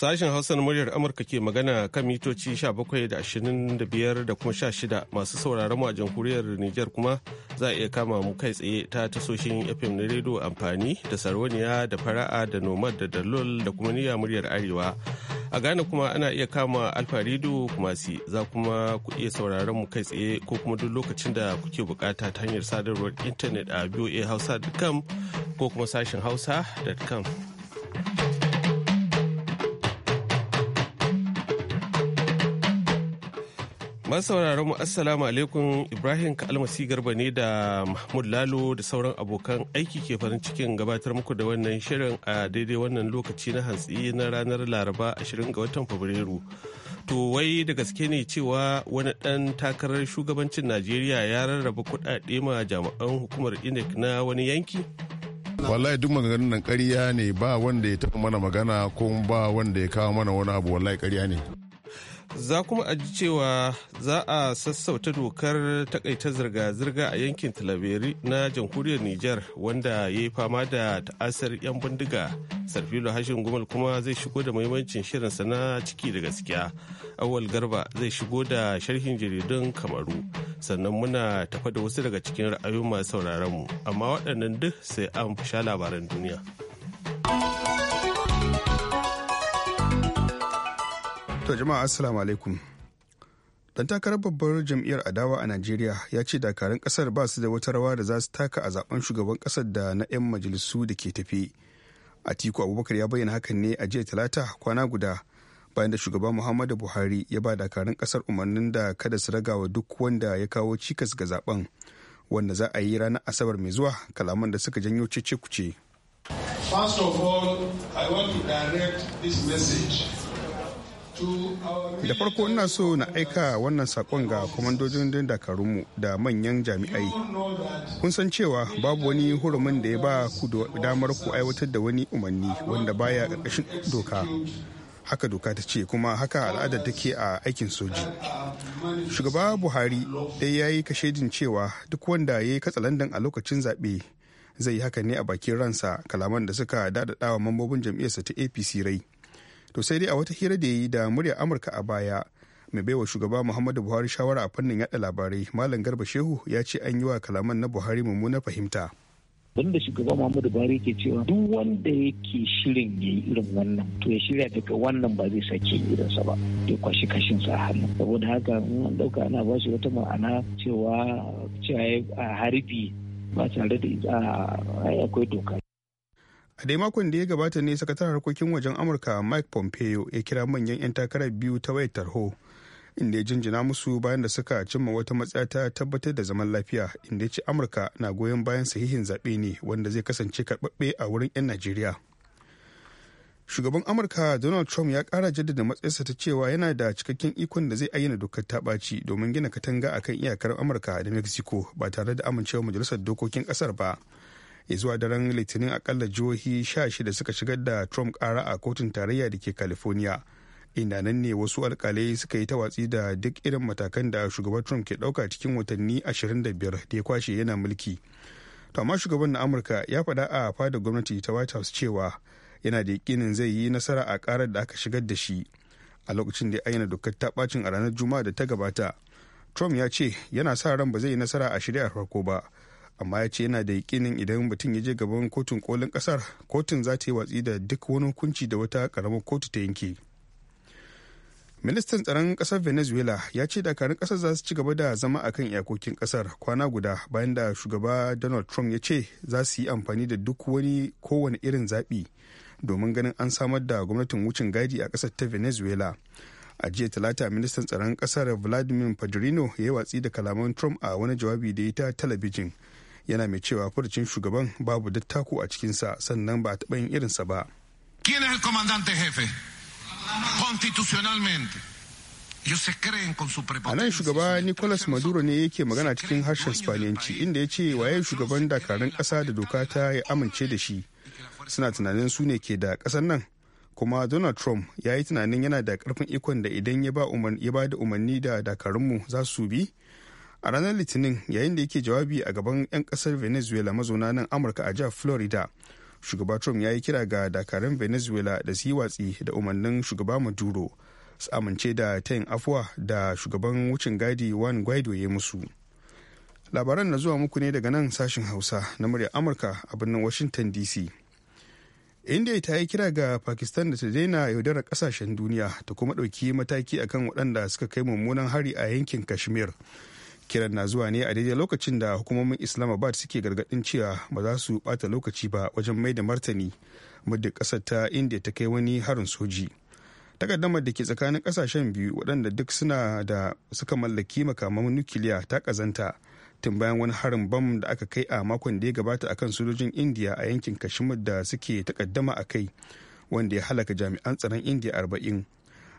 Sashen Hausa na muryar Amurka ke magana kan mitoci 17 da 25 da kuma 16 masu sauraron mu a jamhuriyar Nijar kuma za a iya kama mu kai tsaye ta tasoshin FM na rediyo amfani da sarwaniya da fara'a da nomad da dalol da kuma niyya muryar Arewa. A Ghana kuma ana iya kama Alfa Radio kuma si za kuma ku iya sauraron mu kai tsaye ko kuma duk lokacin da kuke bukata ta hanyar sadarwar intanet a voahausa.com ko kuma sashen hausa.com. masauraran mu assalamu alaikum ibrahim kalmasi garba ne da mahmud lalo da sauran abokan aiki ke farin cikin gabatar muku da wannan shirin a daidai wannan lokaci na hantsi na ranar laraba 20 ga watan fabrairu to wai da gaske ne cewa wani dan takarar shugabancin najeriya ya rarraba kuɗaɗe ma jami'an hukumar inec na wani yanki wallahi duk maganganun nan ƙarya ne ba wanda ya taɓa mana magana ko ba wanda ya kawo mana wani abu wallahi ƙarya ne za kuma a ji cewa za a sassauta dokar takaita zirga-zirga a yankin talaberi na jamhuriyar niger wanda ya yi fama da ta'asar 'yan bindiga sarfilo hashin gumal kuma zai shigo da mahimmancin shirinsa na ciki da gaskiya awal garba zai shigo da sharhin jaridun kamaru sannan muna tafa da wasu daga cikin ra'ayoyin masu mu amma waɗannan duk sai an sha labaran duniya. To jama'a assalamu alaikum. Dan takarar babbar jam'iyyar adawa a Najeriya ya ce dakarun kasar ba su da wata rawa da za su taka a zaben shugaban kasar da na 'yan majalisu da ke tafi. Atiku Abubakar ya bayyana hakan ne a jiya Talata kwana guda bayan da shugaba Muhammadu Buhari ya ba dakarun kasar umarnin da kada su ragawa duk wanda ya kawo cikas ga zaben wanda za a yi ranar Asabar mai zuwa kalaman da suka janyo cece kuce. First I want to direct this message da farko ina so na aika wannan sakon ga kwamandojin din dakarunmu da manyan jami'ai kun san cewa babu wani hurumin da ya ba ku damar ku aiwatar da wani umarni wanda baya ƙarƙashin doka haka doka ta ce kuma haka al'adar take a aikin soji shugaba buhari dai ya yi kashedin cewa duk wanda ya yi katsalandan a lokacin zaɓe zai yi haka ne a bakin ransa kalaman da suka daɗaɗawa mambobin jam'iyyarsa ta apc rai to sai dai a wata hira da ya yi da muryar amurka a baya mai baiwa shugaba muhammadu buhari shawara a fannin yada labarai malam garba shehu ya ce an yi wa kalaman na buhari mummunar fahimta wanda shugaba muhammadu buhari ke cewa duk wanda yake shirin ya yi irin wannan to ya shirya daga wannan ba zai sake irinsa ba ya kwashi kashin sa hannu saboda haka an dauka ana ba shi wata ma'ana cewa cewa a harbi ba tare da akwai doka a dai makon da ya gabata ne sakataren harkokin wajen amurka mike pompeo ya kira manyan 'yan takarar biyu ta wayar tarho inda ya jinjina musu bayan da suka cimma wata matsaya ta tabbatar da zaman lafiya inda ya ce amurka na goyon bayan sahihin zaɓe ne wanda zai kasance karɓaɓɓe a wurin 'yan najeriya shugaban amurka donald trump ya kara jaddada matsayarsa ta cewa yana da cikakken ikon da zai ayyana dokar taɓaci domin gina katanga akan iyakar amurka da mexico ba tare da amincewa majalisar dokokin ƙasar ba zuwa daren litinin akalla jihohi shida suka shigar da trump kara a kotun tarayya da ke california inda nan ne wasu alkalai suka yi tawatsi da duk irin matakan da shugaban trump ke dauka cikin watanni 25 da ya kwashe yana mulki to amma shugaban na amurka ya faɗa a fada gwamnati ta white house cewa yana da yakinin zai yi nasara a karar da aka shigar da shi a lokacin da ya ayyana dokar ta bacin a ranar juma'a da ta gabata trump ya ce yana sa ran ba zai yi nasara a shari'ar farko ba amma ya ce yana da yakinin idan mutum ya je gaban kotun kolin kasar kotun za ta yi watsi da duk wani hukunci da wata karamar kotu ta yanke ministan tsaron kasar venezuela ya ce dakarun kasar za su ci gaba da zama a kan iyakokin kasar kwana guda bayan da shugaba donald trump ya ce za su yi amfani da duk wani kowane irin zaɓi domin ganin an samar da gwamnatin wucin gadi a kasar ta venezuela a jiya talata ministan tsaron kasar vladimir padrino ya yi watsi da kalaman trump a wani jawabi da ya ta talabijin yana mai cewa furcin shugaban babu dattako a cikinsa sannan ba taɓa yin irinsa ba. ¿Quién es el comandante jefe? Constitucionalmente. A nan shugaba Nicolas Maduro ne yake magana cikin harshen Spaniyanci inda ya ce waye shugaban dakarun ƙasa da doka ta ya amince da shi. Suna tunanin su ne ke da ƙasar nan. Kuma Donald Trump ya yi tunanin yana da ƙarfin ikon da idan ya ba da umarni da dakarunmu za su bi, a ranar litinin yayin da yake jawabi a gaban 'yan kasar venezuela mazauna nan amurka a jihar florida shugaba trump ya yi kira ga dakarun venezuela da su yi watsi da umarnin shugaba maduro su amince da tayin afuwa da shugaban wucin gadi wan guaido ya musu labaran na zuwa muku ne daga nan sashen hausa na murya amurka a birnin washington dc india ta yi kira ga pakistan da ta daina yaudarar kasashen duniya ta kuma ɗauki mataki akan waɗanda suka kai mummunan hari a yankin kashmir kiran na zuwa ne a daidai lokacin da hukumomin islamabad suke gargadin cewa ba za su bata lokaci ba wajen mai da martani muddin kasar ta india ta kai wani harin soji takaddamar da ke tsakanin kasashen biyu waɗanda duk suna da suka mallaki makaman nukiliya ta kazanta tun bayan wani harin bam da aka kai a makon da ya gabata akan sojojin india a yankin kashmir da suke takaddama a kai wanda ya halaka jami'an tsaron india arba'in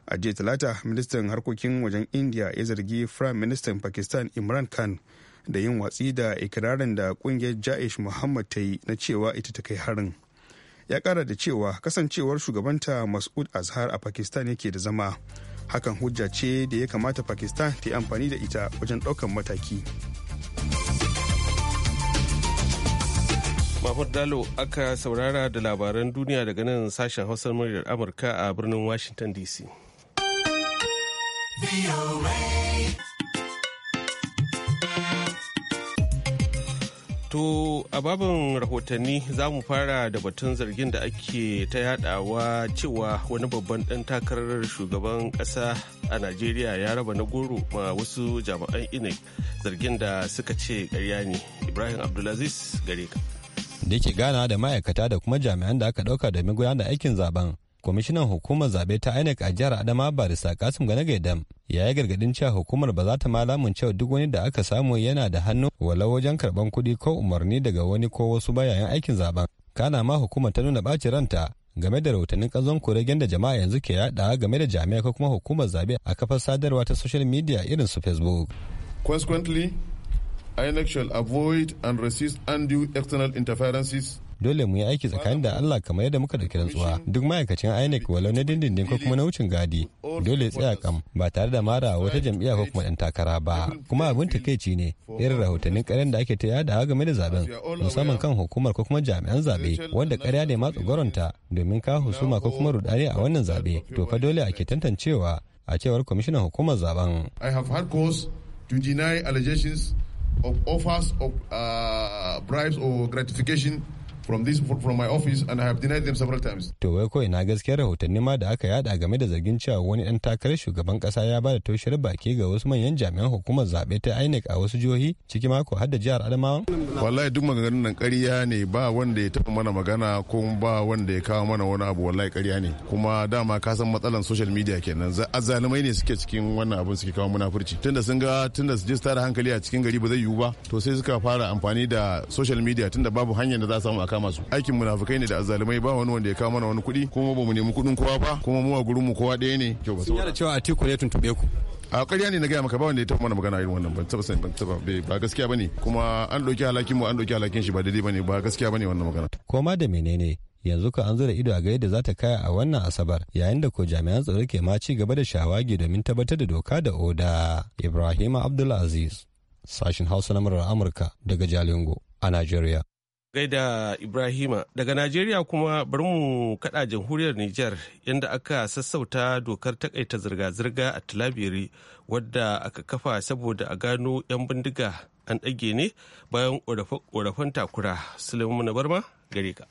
a jiya talata ministan harkokin wajen india ya zargi prime ministan pakistan imran khan da yin watsi da ikirarin da kungiyar ja'ish muhammad ta yi na cewa ita ta kai harin ya kara da cewa kasancewar shugabanta mas'ud azhar a pakistan yake da zama hakan hujja ce da ya kamata pakistan ta yi amfani da ita wajen ɗaukan mataki Mahmud Dalo aka saurara da labaran duniya daga nan sashen Hausar muryar Amurka a birnin Washington DC. To a babin rahotanni za mu fara da batun zargin da ake ta yadawa cewa wani babban ɗan takarar shugaban ƙasa a Najeriya ya raba na goro ma wasu jami'an INEC zargin da suka ce ƙarya ne. Ibrahim Abdulaziz gare ka. Da yake gana da ma'aikata da kuma jami'an da aka ɗauka domin gudanar da aikin zaben kwamishinan hukumar zabe ta inec a jihar adama barista kasim gane gaidam ya yi gargadin cewa hukumar ba za ta malamun cewa duk wani da aka samu yana da hannu walau wajen karban kuɗi ko umarni daga wani ko wasu ba yayin aikin zaben kana ma hukumar ta nuna ɓaci ranta game da rahotannin ƙazon kuregen da jama'a yanzu ke yaɗa game da jami'a ko kuma hukumar zabe a kafar sadarwa ta social media irin su facebook consequently inec shall avoid and resist undue external interferences dole mu yi aiki tsakanin da Allah kamar yadda muka dauki rantsuwa duk ma'aikacin INEC walau na dindindin ko kuma na wucin gadi dole ya tsaya kam ba tare da mara wata jam'iyya ko kuma dan takara ba kuma abin takeici ne irin rahotannin karen da ake ta yada game da zaben musamman kan hukumar ko kuma jami'an zabe wanda karya ne ma tsogoronta domin ka husuma ko kuma rudani a wannan zabe to fa dole ake tantancewa a cewar kwamishinan hukumar zaben. I have had cause to deny allegations of offers of uh, bribes or gratification from this from my office and I have denied them several times. To wai kawai na gaskiyar rahotanni ma da aka yada game da zargin cewa wani dan takarar shugaban kasa ya bada toshiyar baki ga wasu manyan jami'an hukumar zabe ta INEC a wasu jihohi ciki mako har da jihar Adamawa. Wallahi duk maganganun nan ƙarya ne ba wanda ya taɓa mana magana ko ba wanda ya kawo mana wani abu wallahi ƙarya ne kuma dama ka san matsalan social media kenan azzalumai ne suke cikin wannan abin suke kawo munafurci tunda sun ga tunda su tara hankali a cikin gari ba zai yiwu ba to sai suka fara amfani da social media tunda babu hanyar da za samu kama su aikin munafukai ne da azalumai ba wani wanda ya kama mana wani kuɗi kuma ba mu nemi kuɗin kowa ba kuma mu a gurin mu kowa ɗaya ne kyau ba saboda cewa Atiku ne tuntube ku a ƙarya ne na gaya maka ba wanda ya taɓa mana magana irin wannan ban taɓa ban taɓa ba gaskiya bane kuma an ɗauki halakin mu an ɗauki halakin shi ba daidai bane ba gaskiya bane wannan magana koma da menene yanzu ka an zura ido a ga yadda za ta kaya a wannan asabar yayin da ko jami'an tsaro ke ma ci gaba da shawagi domin tabbatar da doka da oda ibrahim abdulaziz sashin hausa na murar amurka daga jalingo a nigeria Gaida Ibrahima daga Najeriya kuma bari mu kada jamhuriyar Niger yadda aka sassauta dokar takaita zirga-zirga a Talabiri wadda aka kafa saboda a gano 'yan bindiga an ɗage ne bayan ƙorafen takura. Suleiman Barma gare ka.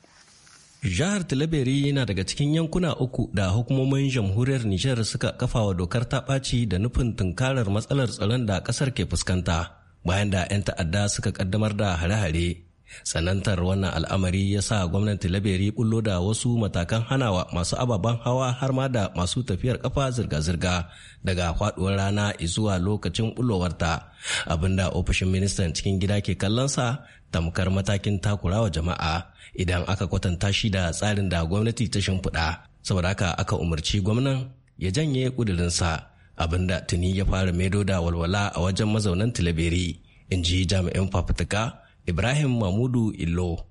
Jihar Talabiri yana daga cikin yankuna uku da hukumomin jamhuriyar Niger suka kafa wa dokar ta ɓaci da nufin tunkarar matsalar tsaron da ƙasar ke fuskanta bayan da 'yan ta'adda suka ƙaddamar da hare-hare. tsanantar wannan al'amari ya sa gwamnati laberi bullo da wasu matakan hanawa masu ababen hawa har ma da masu tafiyar kafa zirga-zirga daga faduwar rana zuwa lokacin bullowarta abinda ofishin ministan cikin gida ke kallonsa tamkar matakin takurawa jama'a idan aka kwatanta shi da tsarin da gwamnati ta shimfiɗa saboda haka aka umarci gwamnan ya janye ƙudurinsa abinda tuni ya fara maido da walwala a wajen mazaunan tilaberi in ji jami'in fafutuka Ibrahim Mamudu Illo.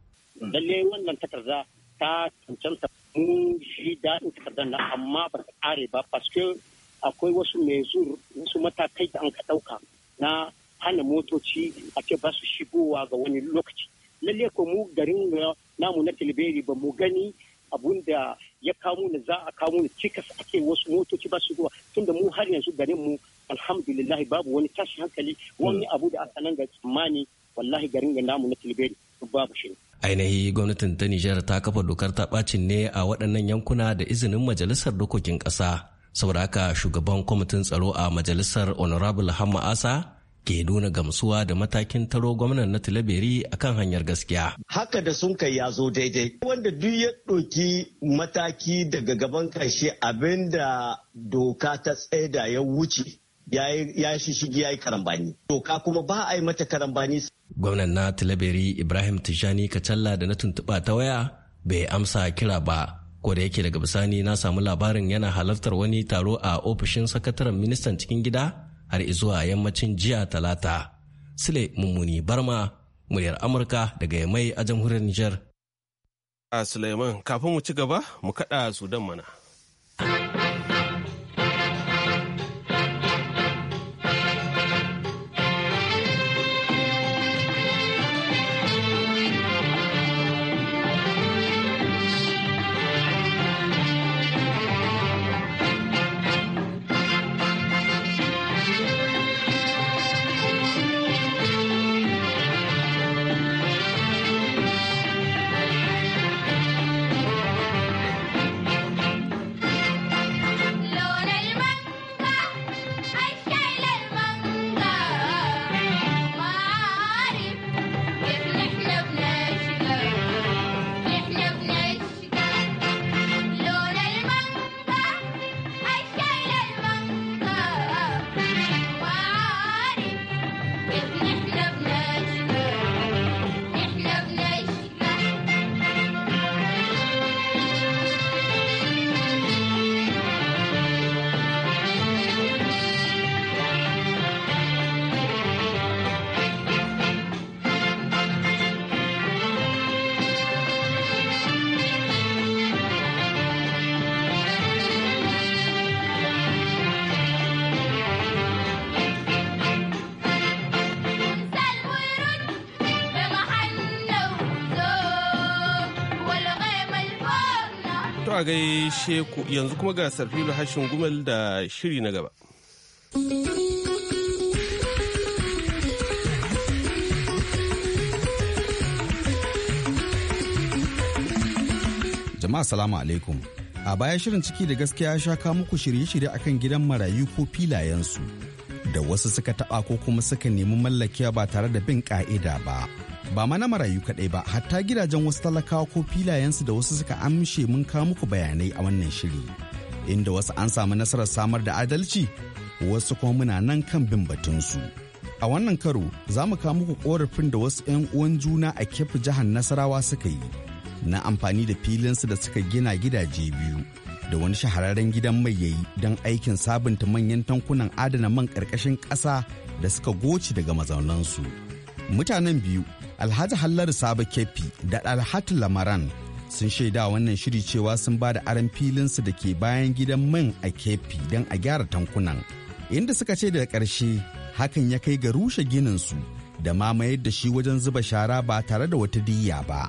Lalle wannan takarda ta cancanta mun shi daɗin takardar nan amma ba ta ƙare ba paske akwai wasu mezur wasu matakai da an ka ɗauka na hana motoci a ce ba su shigowa ga wani lokaci lalle ko mu garin namu na tilberi ba mu gani abun da ya kamo na za a kamo na cikas a ce wasu motoci ba su shigowa tunda mu har yanzu garin mu alhamdulillah babu wani tashin hankali wani hmm. abu da aka nan ga tsammani wallahi garin ga namu na tilberi babu shi ainihi gwamnatin ta nijar ta kafa dokar ta bacin ne a waɗannan yankuna da izinin majalisar dokokin ƙasa saboda haka shugaban kwamitin tsaro a majalisar honorable hamma asa ke nuna gamsuwa da matakin taro gwamnan na tilaberi akan hanyar gaskiya. Haka da sun kai ya zo daidai. Wanda duk ya ɗauki mataki daga gaban kashe abinda doka ta tsaida ya wuce ya shi shigi ya yi karambani doka kuma ba a yi mata karambani gwamnan na tilaberi ibrahim tijani kacalla da na tuntuɓa ta waya bai amsa kira ba ko da yake daga bisani na samu labarin yana halartar wani taro a ofishin sakataren ministan cikin gida har izuwa yammacin jiya talata sule mummuni barma muryar amurka daga yamai a jamhuriyar nijar a suleiman kafin mu ci gaba mu kaɗa sudan mana gaishe ku yanzu kuma ga sarfilu hashin gumel da shiri na gaba. Jama'a salamu alaikum. A baya shirin ciki da gaskiya ya sha kawo muku shirye-shirye akan gidan marayu ko filayensu da wasu suka taɓa ko kuma suka nemi mallakewa ba tare da bin ƙa'ida ba. ba mana marayu kaɗai ba hatta gidajen wasu talakawa ko filayensu da wasu suka amshe mun kawo muku bayanai a wannan shiri inda wasu an samu nasarar samar da adalci wasu kuma muna nan kan bin batunsu a wannan karo za mu kawo muku korafin da wasu 'yan uwan juna a kefi jihar nasarawa suka yi na amfani da filinsu da suka gina gidaje biyu da wani shahararren gidan mai yayi don aikin sabunta manyan tankunan adana man ƙarƙashin ƙasa da suka goce daga mazaunansu. Mutanen biyu alhaji hallar sabo kefi da alhaji lamaran sun shaida wannan shiri cewa sun ba da aron su da ke bayan gidan man a kefi don a gyara tankunan inda suka ce daga ƙarshe hakan ya kai ga rushe su da mamayar da shi wajen zuba shara ba tare da wata diyya ba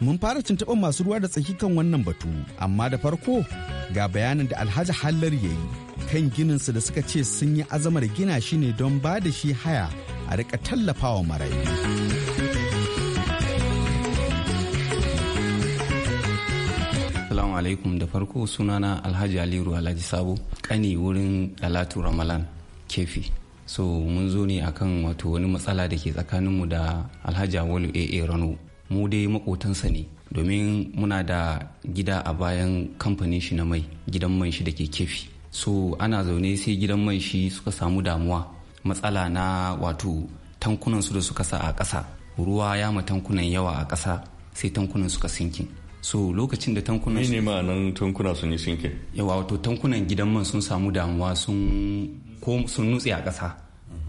mun fara tuntuɓar masu ruwa da tsaki kan wannan batu amma da farko ga bayanin da alhaji hallar ya yi kan gininsu da suka ce sun yi azamar gina shi ne don ba da shi haya a rika tallafawa marayu. Assalamu alaikum da farko sunana Alhaji Aliru Alhaji Sabo kani wurin Dalatu Ramalan kefi. So mun zo ne akan wato wani matsala da ke tsakaninmu da Alhaji Awalu AA Rano. Mu dai makotansa ne domin muna da gida a bayan kamfanin shi na mai gidan man shi da ke kefi. So ana zaune sai gidan man shi suka samu damuwa matsala na wato tankunan su da suka sa a ƙasa. Ruwa ya ma tankunan yawa a ƙasa sai tankunan suka sinkin. so lokacin da tankunan ne ma'anan tankuna sun yi yawa wato tankunan gidan man sun samu damuwa sun nutse a ƙasa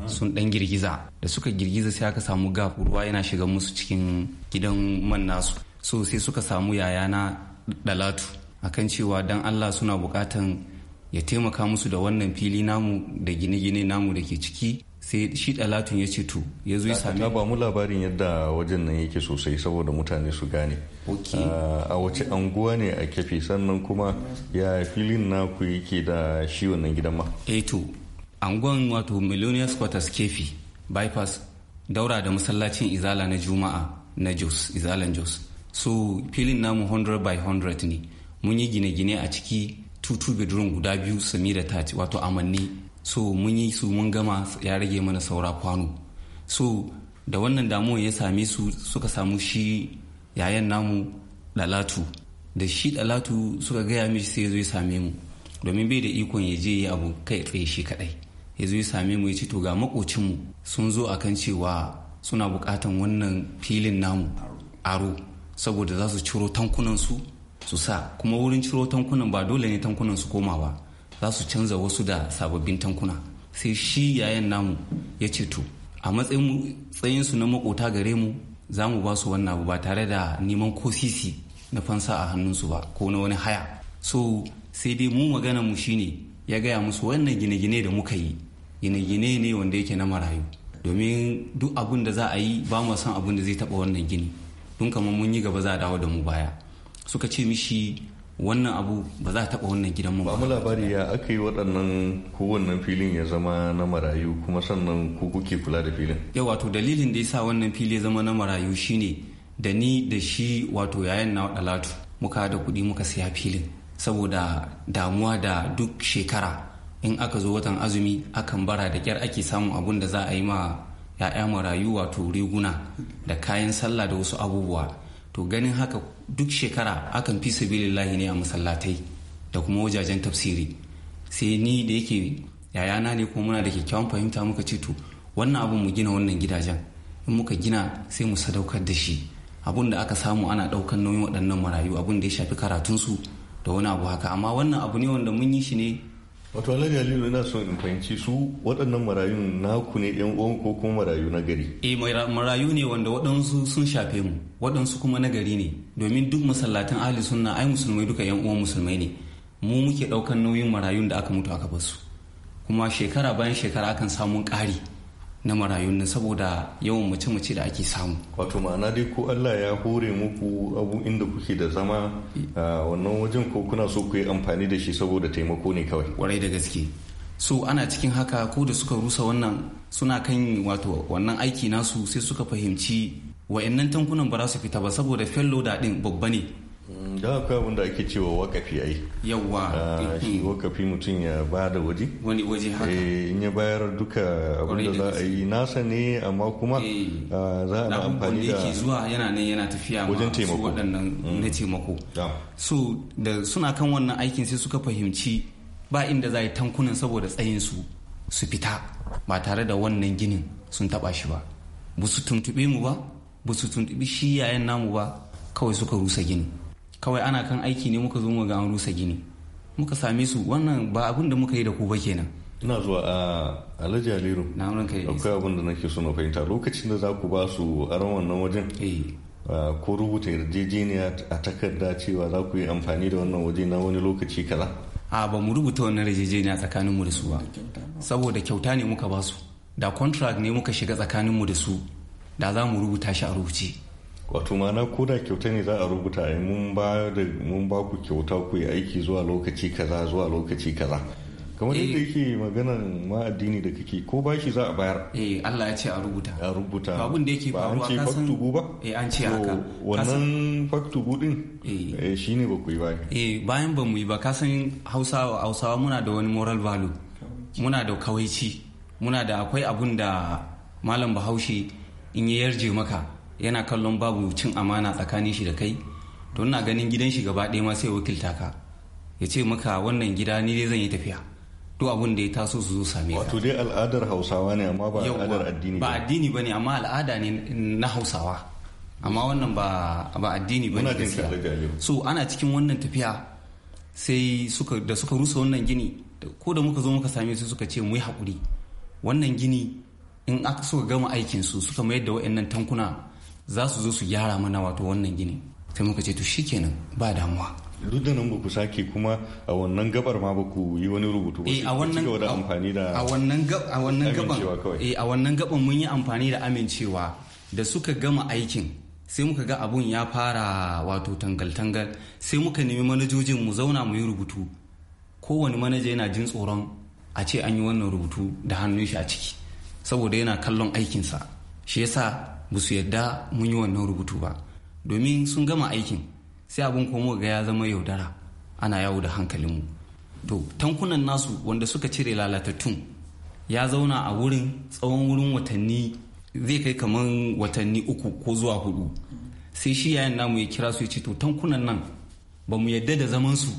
sun dan girgiza da suka girgiza sai aka samu gafu ruwa yana shiga musu cikin gidan man nasu so sai suka samu yaya na dalatu akan cewa dan Allah suna bukatan ya taimaka musu da wannan fili namu da gine-gine namu da ke ciki sai shi dalatun ya ce to ya zo ya ba mu labarin yadda wajen nan yake sosai saboda mutane su gane ah, a wace anguwa ne a kefe sannan kuma ya filin naku yake da shi wannan gidan ma eh to anguwan wato millionaire quarters kefi bypass daura da masallacin izala na juma'a na jos izalan jos so filin namu 100 by 100 ne mun yi gine-gine a ciki tutu bedroom guda biyu sami da tati wato amanni so mun yi su mun gama ya rage mana saura kwano so da wannan damuwa ya same su suka samu shi yayan namu dalatu da shi dalatu suka gaya mishi sai ya zo ya same mu domin bai da ikon ya je ya abu kai tsaye shi kadai ya zo ya same mu ya ce to ga makocinmu sun zo a kan cewa suna bukatan wannan filin namu aro saboda za su ciro tankunan su su sa kuma wurin ciro tankunan ba dole ne tankunan su koma ba za su canza wasu da sababbin tankuna sai shi yayan namu ya ce to a matsayin su na makota gare mu za mu ba su wannan abu ba tare da neman ko sisi na fansa a hannunsu ba ko na wani haya so sai dai mu magana mu shine ya gaya musu wannan gine-gine da muka yi gine-gine ne wanda yake na marayu domin duk abin da za a yi ba mu san abin da zai taba wannan gini don kamar mun yi gaba za a dawo da mu baya suka ce mishi wannan abu ba za a taba wannan gidan mu ba mu labari ya aka yi waɗannan kowannan filin ya zama na marayu kuma sannan ku kuke kula da filin yau wato dalilin da ya sa wannan fili ya zama na marayu shine da ni da shi wato yayan na dalatu muka da kuɗi muka siya filin saboda damuwa da duk shekara in aka zo watan azumi akan bara da kyar ake samun abun da za a yi ma ya'ya marayu wato riguna da kayan sallah da wasu abubuwa to ganin haka duk shekara akan fi sabilillahi ne a masallatai da kuma wajajen tafsiri sai ni da yake yayana ne kuma muna da kyakkyawan fahimta muka ce to wannan abun mu gina wannan gidajen in muka gina sai mu sadaukar da shi abun da aka samu ana daukan nauyin waɗannan marayu abun da ya shafi su da wani abu haka amma wannan abu ne wanda mun yi shi ne wato alhaji aliyu ina son in fahimci su waɗannan marayun naku ne yan uwan ko kuma marayu na gari eh marayu ne wanda waɗansu sun shafe mu waɗansu kuma na gari ne domin duk masallatan ahli sunna ai musulmai duka yan uwan musulmai ne mu muke ɗaukan nauyin marayun da aka mutu aka basu kuma shekara bayan shekara akan samun ƙari na marayun nan saboda yawan mace-mace da ake samu. Wato ma'ana dai ko Allah ya hore muku abu inda kuke da zama a wannan wajen ko kuna so ku yi amfani da shi saboda taimako ne kawai. Kwarai da gaske. So ana cikin haka ko da suka rusa wannan suna kan wato wannan aiki nasu sai suka fahimci wa'annan tankunan ba za su fita ba saboda fello da ɗin babba ne Mm, da akwai abin da ake cewa wakafi ai yawa ah, shi wakafi mutum ya ba da waje wani waje haka eh, in ya bayar duka abin da za a yi nasa ne amma kuma eh, ah, za a amfani da yake zuwa yana nan yana tafiya wajen taimako waɗannan mm. na taimako so da suna kan wannan aikin sai suka fahimci ba inda za a yi tankunan saboda tsayin su su fita ba tare da wannan ginin sun taba shi ba ba su tuntuɓe mu ba ba su tuntuɓi shi yayan namu ba kawai suka rusa ginin. kawai ana kan aiki ne muka zo mu ga an rusa gini muka same su wannan ba abin da muka yi da ku ba kenan ina zuwa a alhaji aliru na kai akwai abin da nake so na fahimta lokacin da za ku ba su aron wannan wajen eh. ko rubuta yarjejeniya a takarda cewa za ku yi amfani da wannan waje na wani lokaci kaza a ba mu rubuta wannan yarjejeniya tsakanin mu da su ba saboda kyauta ne muka ba su da contract ne muka shiga tsakanin mu da su da za mu rubuta shi a rubuce wato mana ko da kyauta ne za a rubuta a mun ba da mun ba ku kyauta ku yi aiki zuwa lokaci kaza zuwa lokaci kaza kamar yadda eh. yake maganan ma addini da kake ko bashi za a bayar eh Allah ya ce a rubuta a rubuta ba abin da yake faruwa ka san faktubu ba eh an ce haka wannan faktubu din eh. eh shine ba ku yi ba eh bayan ba mu yi ba kasan Hausawa Hausawa muna da wani moral value muna da kawaici muna da akwai abun da malam Bahaushe in yi yarje maka yana kallon babu cin amana tsakanin shi da kai to ina ganin gidan shi gaba ɗaya ma sai wakilta ka ya ce maka wannan gida ni dai zan yi tafiya duk abin da ya taso su zo same ka wato dai al'adar hausawa ne amma ba al'adar addini ba addini bane amma al'ada ne na hausawa amma wannan ba ba addini bane so ana cikin wannan tafiya sai suka da suka rusa wannan gini ko da muka zo muka same su suka ce mu yi hakuri wannan gini in aka suka gama aikin su suka mayar da waɗannan tankuna za su zo su gyara mana wato wannan gini sai muka ce to shikenan ba damuwa duk da nan ba ku sake kuma a wannan gabar ma ba ku yi wani rubutu ba eh, a wannan da amfani da a wannan a wannan gaban eh a wannan gaban mun yi amfani da amincewa da suka gama aikin sai muka ga abun ya fara wato tangal-tangal sai muka nemi manajojin mu zauna mu yi rubutu kowane manaja yana jin tsoron a ce an yi wannan rubutu da hannun shi a ciki saboda yana kallon aikinsa shi yasa ba su yadda mun yi wannan rubutu ba domin sun gama aikin sai abin komo ga ya zama yaudara ana yawo da hankalinmu to tankunan nasu wanda suka cire lalatattun ya zauna a wurin tsawon wurin watanni zai kai kamar watanni uku ko zuwa hudu sai shi yayin namu ya kira su ya ce to tankunan nan ba mu yadda da zaman su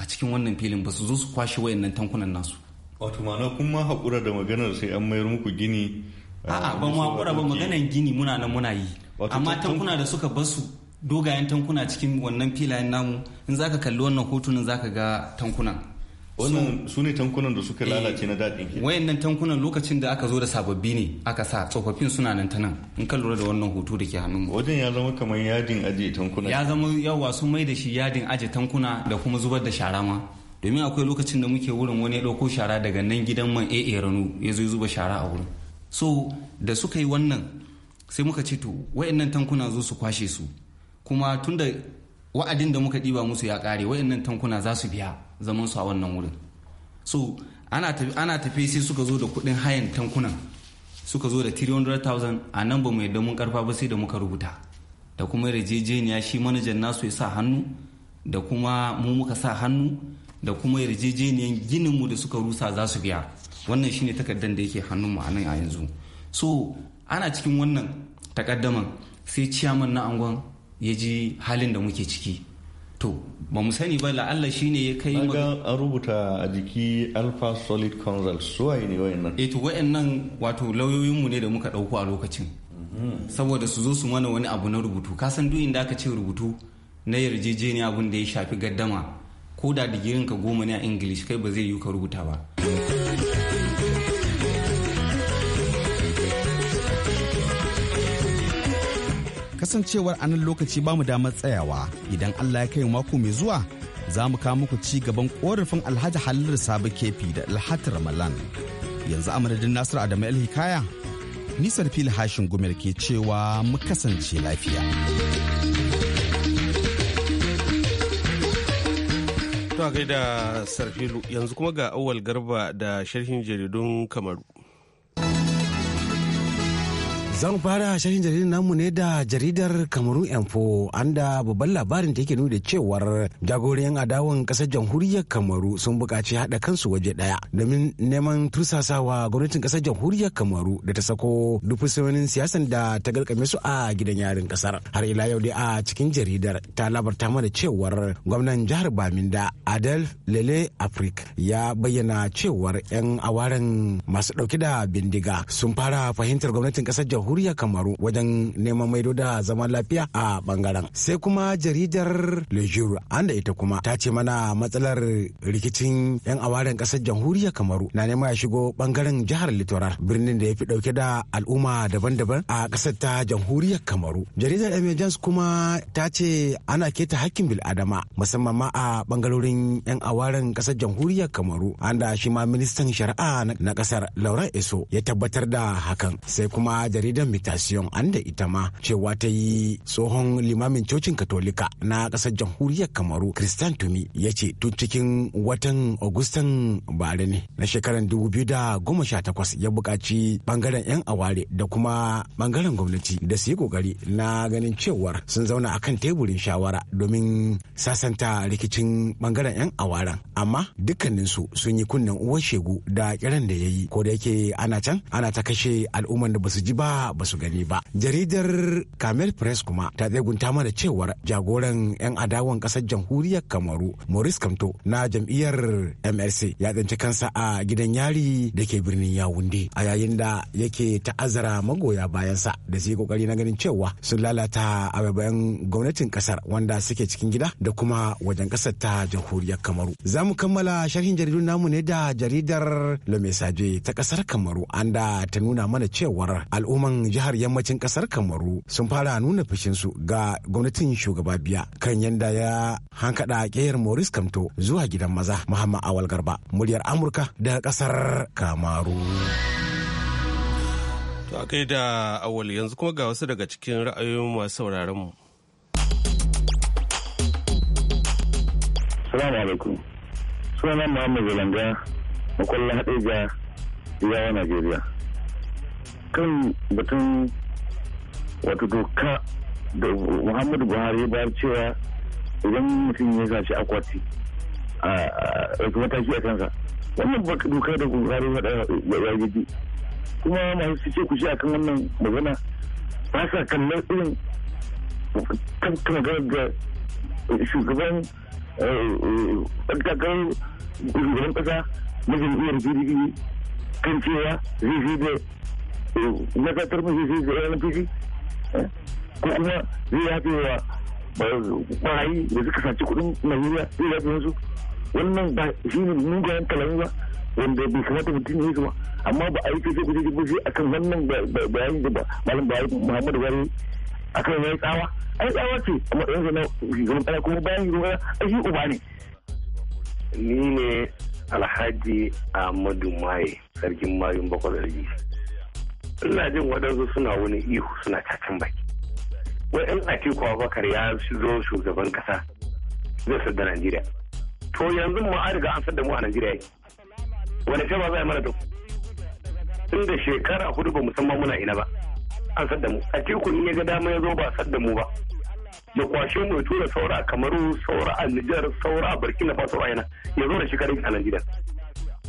a cikin wannan filin ba su zo su kwashe wayannan tankunan nasu wato ma'ana kuma haƙura da maganar sai an mayar muku gini a'a eh, ba mu hakura ba maganan gini muna nan muna yi amma tankuna da suka basu dogayen tankuna cikin wannan filayen namu in zaka kalli wannan hotunan zaka ga tankunan wannan su ne tankunan da suka lalace na daɗin ke eh, wayannan tankunan lokacin da aka zo da sababbi ne aka sa tsofaffin suna nan ta nan in ka lura da wannan hoto da ke hannun mu wajen ya zama kamar yadin aje tankuna ya zama yawa sun mai da shi yadin aje tankuna da kuma zubar da shara ma domin akwai lokacin da muke wurin wani ya dauko shara daga nan gidan man AA Rano ya zo zuba shara a wurin so da suka yi wannan sai muka ce to wayannan tankuna zo su kwashe su kuma tunda wa'adin da muka ɗiba musu ya ƙare wayannan tankuna za su biya zaman su a wannan wurin so ana tafi sai suka zo da kuɗin hayan tankunan suka zo da 300,000 a nan ba mu yadda mun karfa ba sai da muka rubuta da kuma yarjejeniya shi manajan nasu ya sa hannu da kuma mu muka sa hannu da kuma yarjejeniyan ginin mu da suka rusa za su biya wannan shine takaddan da yake hannun mu a nan a yanzu so ana cikin wannan takaddaman sai ciyaman na angon ya ji halin da muke ciki to ba mu sani ba la'alla shine ya kai ma an rubuta a jiki alpha solid council su waye ne wayannan eh to wayannan wato lauyoyin mu ne da muka dauko a lokacin saboda su zo su mana wani abu na rubutu ka san duk inda aka ce rubutu na yarjejeniya abin da ya shafi gaddama ko da digirin ka goma ne a english kai ba zai yi ka rubuta ba kasancewar a nan lokaci ba mu damar tsayawa idan allah ya kai mako mai zuwa za mu kawo muku ci gaban korafin alhaji halilu sabu kefi da alhaji ramalan yanzu a madadin nasiru adamu hikaya nisar fili hashin gumel ke cewa mu kasance lafiya to gaida sarfilu yanzu kuma ga awal garba da sharhin jaridun kamaru Zan mu fara shirin jaridar namu ne da jaridar Kamaru info an da babban labarin da yake nuna cewar jagoriyan adawan kasar jamhuriyar Kamaru sun buƙaci haɗa kansu waje ɗaya domin neman tursasawa gwamnatin kasar jamhuriyar Kamaru da ta sako dufusonin siyasan da ta galkame su a gidan yarin kasar. Har ila yau dai a cikin jaridar ta labarta mana cewar gwamnan jihar Baminda Adel Lele Afrik ya bayyana cewar 'yan awaren masu ɗauke da bindiga sun fara fahimtar gwamnatin kasar jamhuriyar jamhuriyar kamaru wajen neman maido da zaman lafiya a bangaren sai kuma jaridar lejura an da ita kuma ta ce mana matsalar rikicin yan awaren kasar jamhuriyar kamaru na neman ya shigo bangaren jihar litoral birnin da ya fi dauke da al'umma daban-daban a kasar ta jamhuriyar kamaru jaridar emergence kuma ta ce ana keta hakkin bil'adama musamman ma a bangarorin yan awaren kasar jamhuriyar kamaru anda da shi ma ministan shari'a na kasar lauren eso ya tabbatar da hakan sai kuma jaridar da mutation an da ita ma cewa ta yi tsohon limamin cocin katolika na ƙasar jamhuriyar kamaru christian tumi ya ce tun cikin watan ogustan bare ne na shekarar 2018 ya buƙaci bangaren 'yan aware da kuma bangaren gwamnati da su yi kokari na ganin cewar sun zauna a kan teburin shawara domin sasanta rikicin bangaren 'yan awaren amma dukkaninsu sun yi kunnen uwar shegu da kiran da ya yi ko da yake ana can ana ta kashe al'ummar da basu ji ba ba su gani ba jaridar camel press kuma ta tsegunta mana cewar jagoran 'yan adawan kasar jamhuriyar kamaru maurice kamto na jam'iyyar mlc ya tsinci kansa a gidan yari da ke birnin yawunde a yayin da yake ta'azzara magoya bayansa da su yi kokari na ganin cewa sun lalata ababen gwamnatin kasar wanda suke cikin gida da kuma wajen kasar ta jamhuriyar kamaru za mu kammala sharhin jaridun namu ne da jaridar lomesaje ta kasar kamaru an da ta nuna mana cewar al'umman jihar yammacin kasar kamaru sun fara nuna fushinsu ga gwamnatin shugaba biya kan yadda ya hankada ƙeyar maurice kamto zuwa gidan maza muhammad awal garba muryar amurka daga kasar kamaru to a kai da awal yanzu kuma ga wasu daga cikin ra'ayoyin masu sauraron mu salamu alaikum sunana muhammad zalanga makwallon najeriya kan batun wata doka da muhammadu buhari ya bayar cewa idan mutum ya zaci akwati a mataki a kansa wannan doka da buhari ya gidi kuma masu ce kushi kan wannan magana ba sa kallon irin kan maganar da shugaban eh, eh, ɗaggagar shugaban ƙasa na jam'iyyar pdp kan cewa zai zai da na fatar mu shi da yanar fifi ko kuma zai yafe wa barayi da suka saci kudin najeriya zai yafe musu wannan ba shi ne mugayen kalami ba wanda bai kamata mutum ya yi ba amma ba a yi fice kuce kuce akan wannan bayani da malam bayani muhammadu bari akan yayi tsawa ai tsawa ce kuma ɗan zana shugaban ƙara kuma bayan ruwa a shi uba ne. ni ne alhaji ahmadu maye sarkin mayun bakwai zargi. ina jin waɗansu suna wani ihu suna cacin baki wai in atiku abubakar ya zo shugaban kasa zai sadda najeriya to yanzu mu an riga an sadda mu a najeriya yi. wani ce ba zai mana da inda shekara hudu ba musamman muna ina ba an sadda mu atiku in ya ga dama ya zo ba sadda mu ba ya kwashe mu ya tura saura a kamaru saura a nijar saura a burkina faso a yana ya zo da shi a najeriya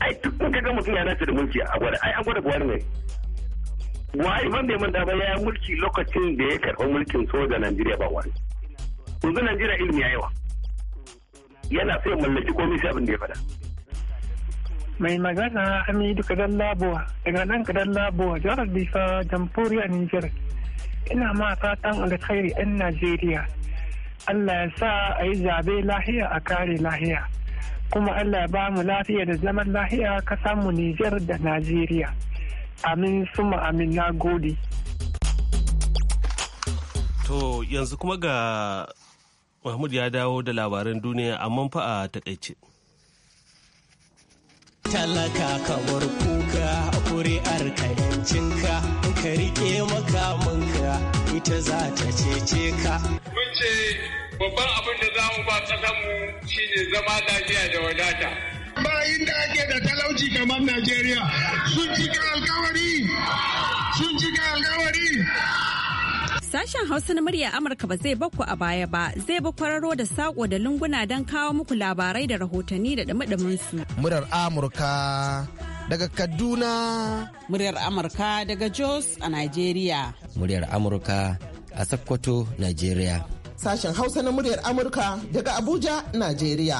ai duk kun ga mutum ya nace da mulki a gwada ai an gwada buhari ne wai ban bai manta ba ya mulki lokacin da ya karɓi mulkin soja Najeriya ba wani yanzu Najeriya ilimi ya yawa yana sai mallaki komai sai abin da ya faɗa mai magana Hamidu Kadan Labuwa daga nan Kadan Labuwa jihar Bifa a Nijar ina ma fatan alkhairi 'yan Najeriya Allah ya sa a yi zabe lahiya a kare lahiya kuma Allah ya ba mu lafiya da zaman lahiya ka samu Nijar da Najeriya. Amin suma amin na gode. To yanzu kuma ga Mahmud ya dawo da labaran duniya amma fa a takaice. Talaka kamar kuka kuri'ar kayancinka ka rike makamanka ita za ta cece ka. Mun ce babban abin da za mu ba ƙasanmu shine zama lafiya da wadata. bayin da ake da talauci kamar Najeriya sun cika alkawari sun cika alkawari Sashen Hausa na murya Amurka ba zai bakku a baya ba zai ba kwararo da sako da lunguna don kawo muku labarai da rahotanni da ɗumɗuminsu. su. Murar Amurka daga Kaduna. Muryar Amurka daga Jos a Najeriya. Muryar Amurka a Sokoto, Najeriya. Sashen Hausa na muryar Amurka daga Abuja, Najeriya.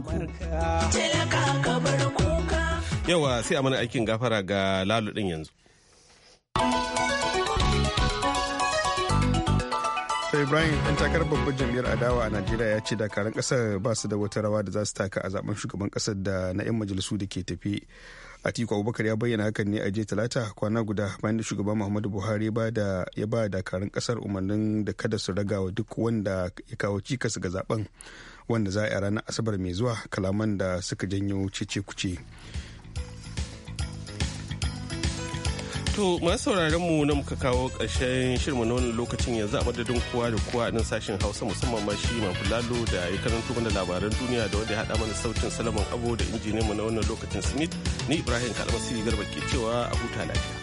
ku. Yawa sai a mana aikin gafara ga lalu ɗin yanzu. sai Ibrahim ɗan takarar babbar jam'iyyar adawa a Najeriya ya ce dakarun ƙasar ba su da wata rawa da za su taka a zaben shugaban ƙasar da na 'yan majalisu da ke tafi. tiku Abubakar ya bayyana hakan ne a jiya Talata kwana guda bayan da shugaban Muhammadu Buhari ya ba dakarun ƙasar umarnin da kada su ragawa duk wanda ya kawo cikas ga zaben. wanda za a yi ranar asabar mai zuwa kalaman da suka janyo cece kuce To masu sauraron mu na muka kawo ƙarshen shirma na wannan lokacin yanzu a madadin kowa da kowa a sashen Hausa musamman ma shi Lalo da ya karanto mana labaran duniya da wanda ya haɗa mana sautin Salaman Abo da injiniyan mu na wannan lokacin Smith ni Ibrahim Kalmasi Garba ke cewa a huta lafiya.